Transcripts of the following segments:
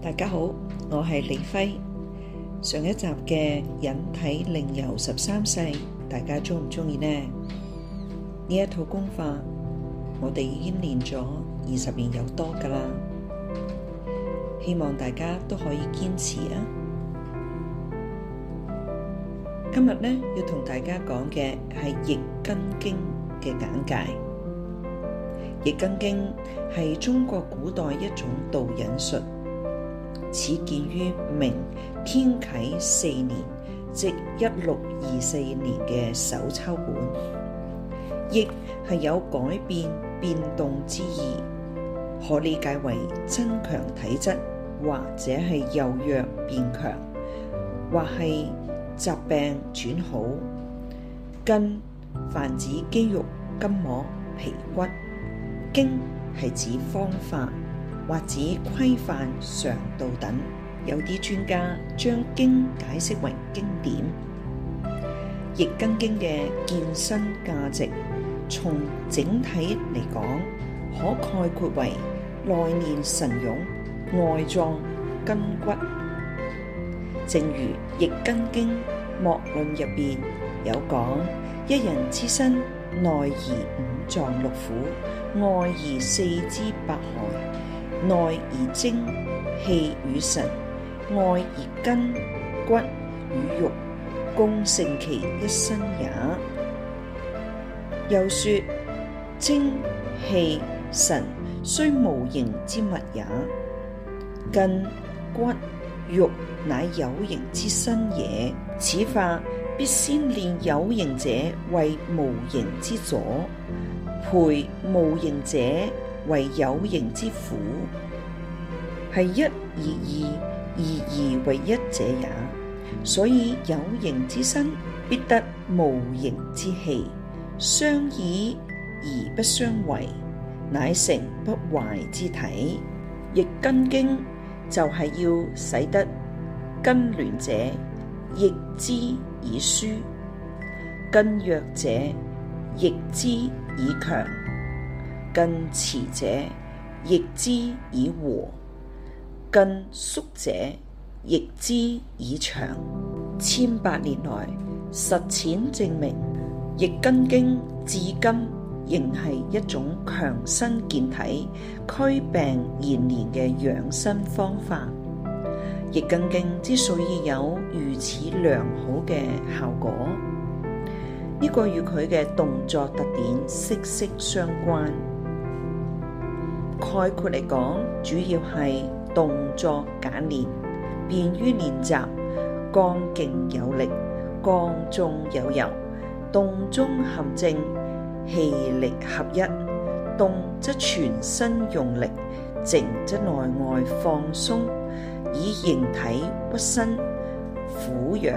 大家好，我係李輝。上一集嘅引體靈游十三世，大家鍾唔鍾意呢？呢一套功法，我哋已經練咗二十年有多㗎喇。希望大家都可以堅持啊！今日呢要同大家講嘅係易筋經嘅眼界。易筋經係中國古代一種導引術。始建於明天啟四年，即一六二四年嘅手抄本，亦係有改變變動之意，可理解為增強體質，或者係由弱變強，或係疾病轉好。筋，泛指肌肉、筋膜、皮骨；經係指方法。或者規範常道等，有啲專家將經解釋為經典。易筋經嘅健身價值，從整體嚟講，可概括為內練神勇，外壯筋骨。正如《易筋經》膜論入邊有講，一人之身，內而五臟六腑，外而四肢百骸。內而精氣與神，外而筋骨與肉，共盛其一身也。又說，精氣神雖無形之物也，筋骨肉乃有形之身也。此法必先練有形者為無形之佐，培無形者。為有形之苦，係一而二，二而為一者也。所以有形之身，必得無形之氣，相倚而不相違，乃成不壞之體。易筋經就係要使得筋攣者易之以舒，筋弱者易之以強。筋弛者易之以和，筋縮者易之以長。千百年來實踐證明，易筋經至今仍係一種強身健體、驅病延年嘅養生方法。易筋經之所以有如此良好嘅效果，呢、這個與佢嘅動作特點息息相關。概括嚟講，主要係動作簡練，便於練習，剛勁有力，剛中有柔，動中含靜，氣力合一。動則全身用力，靜則內外放鬆，以形體屈伸、俯仰、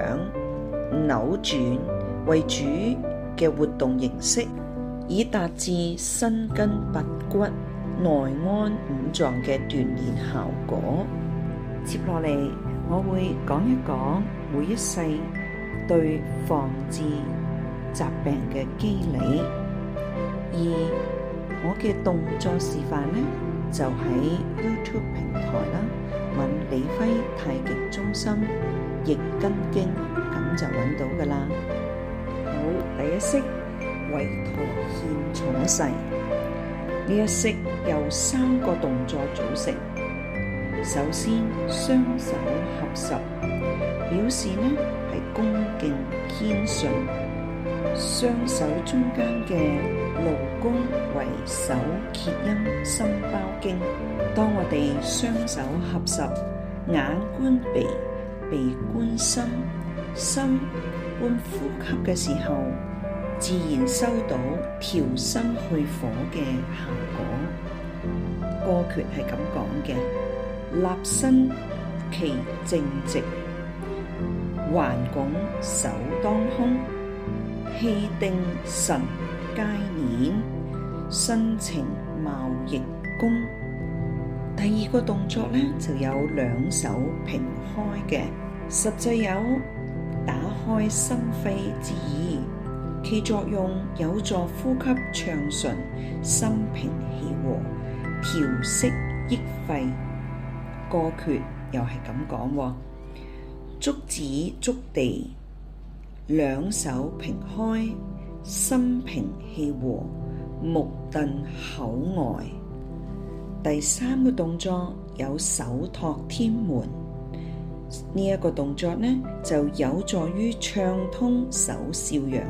扭轉為主嘅活動形式，以達至身筋拔骨內安五臟嘅鍛煉效果。接落嚟我會講一講每一勢對防治疾病嘅機理。而我嘅動作示範呢，就喺 YouTube 平台啦，揾李輝太極中心易筋經，咁就揾到噶啦。好，第一式，韋馱獻杵勢。呢一式由三個動作組成，首先雙手合十，表示呢係恭敬謙遜。雙手中間嘅勞宮為手厥陰心包經，當我哋雙手合十，眼觀鼻，鼻觀心，心觀呼吸嘅時候，自然收到調心去火嘅效果。歌訣係咁講嘅：立身其正直，環拱手當空，氣定神皆斂，心情貌亦恭。第二個動作呢就有兩手平開嘅，實際有打開心扉之意。其作用有助呼吸暢順、心平氣和、調息益肺。歌訣又係咁講喎，足趾觸地，兩手平開，心平氣和，目瞪口呆。第三個動作有手托天門呢一個動作呢，就有助於暢通手少陽。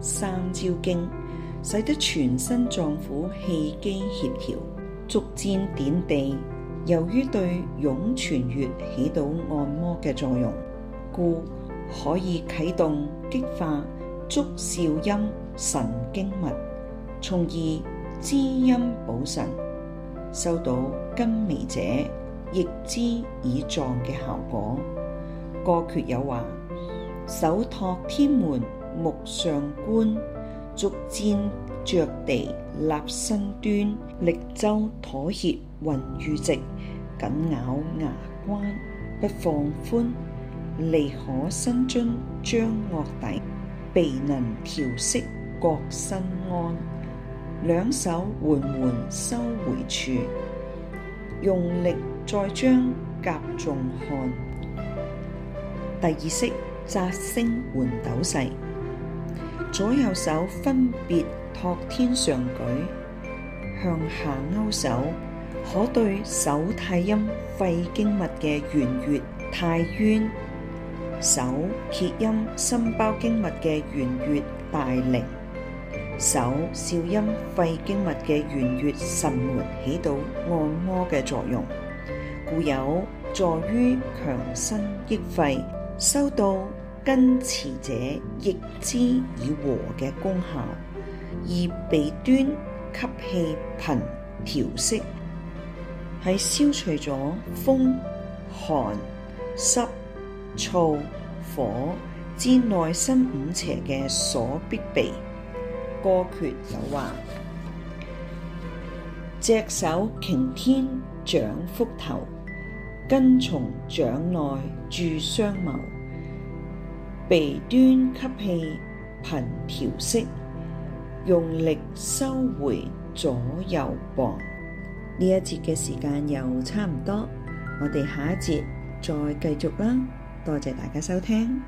三焦經使得全身臟腑氣機協調，逐漸點地。由於對湧泉穴起到按摩嘅作用，故可以啟動、激化足少陰神經脈，從而滋陰補腎，收到根微者益之以壯嘅效果。個缺有話：手托天門。目上觀，足尖着地立身端，力周妥協勻與直，緊咬牙關不放寬，力可伸津將惡底，鼻能調息覺身安，兩手緩緩收回處，用力再將夾重看。第二式摘星換斗勢。左右手分別托天上舉，向下勾手，可對手太陰肺經脈嘅原穴太淵、手厥陰心包經脈嘅原穴大陵、手少陰肺經脈嘅原穴神門起到按摩嘅作用，故有助於強身益肺，收到。根持者亦之以和嘅功效，而鼻端吸氣頻調息，係消除咗風寒濕燥，燥，燥，燥，燥火之內生五邪嘅所必備。歌訣有話，隻手擎天掌覆頭，根從掌內注雙眸，鼻端吸氣，頻調息，用力收回左右膊。呢一節嘅時間又差唔多，我哋下一節再繼續啦。多謝大家收聽。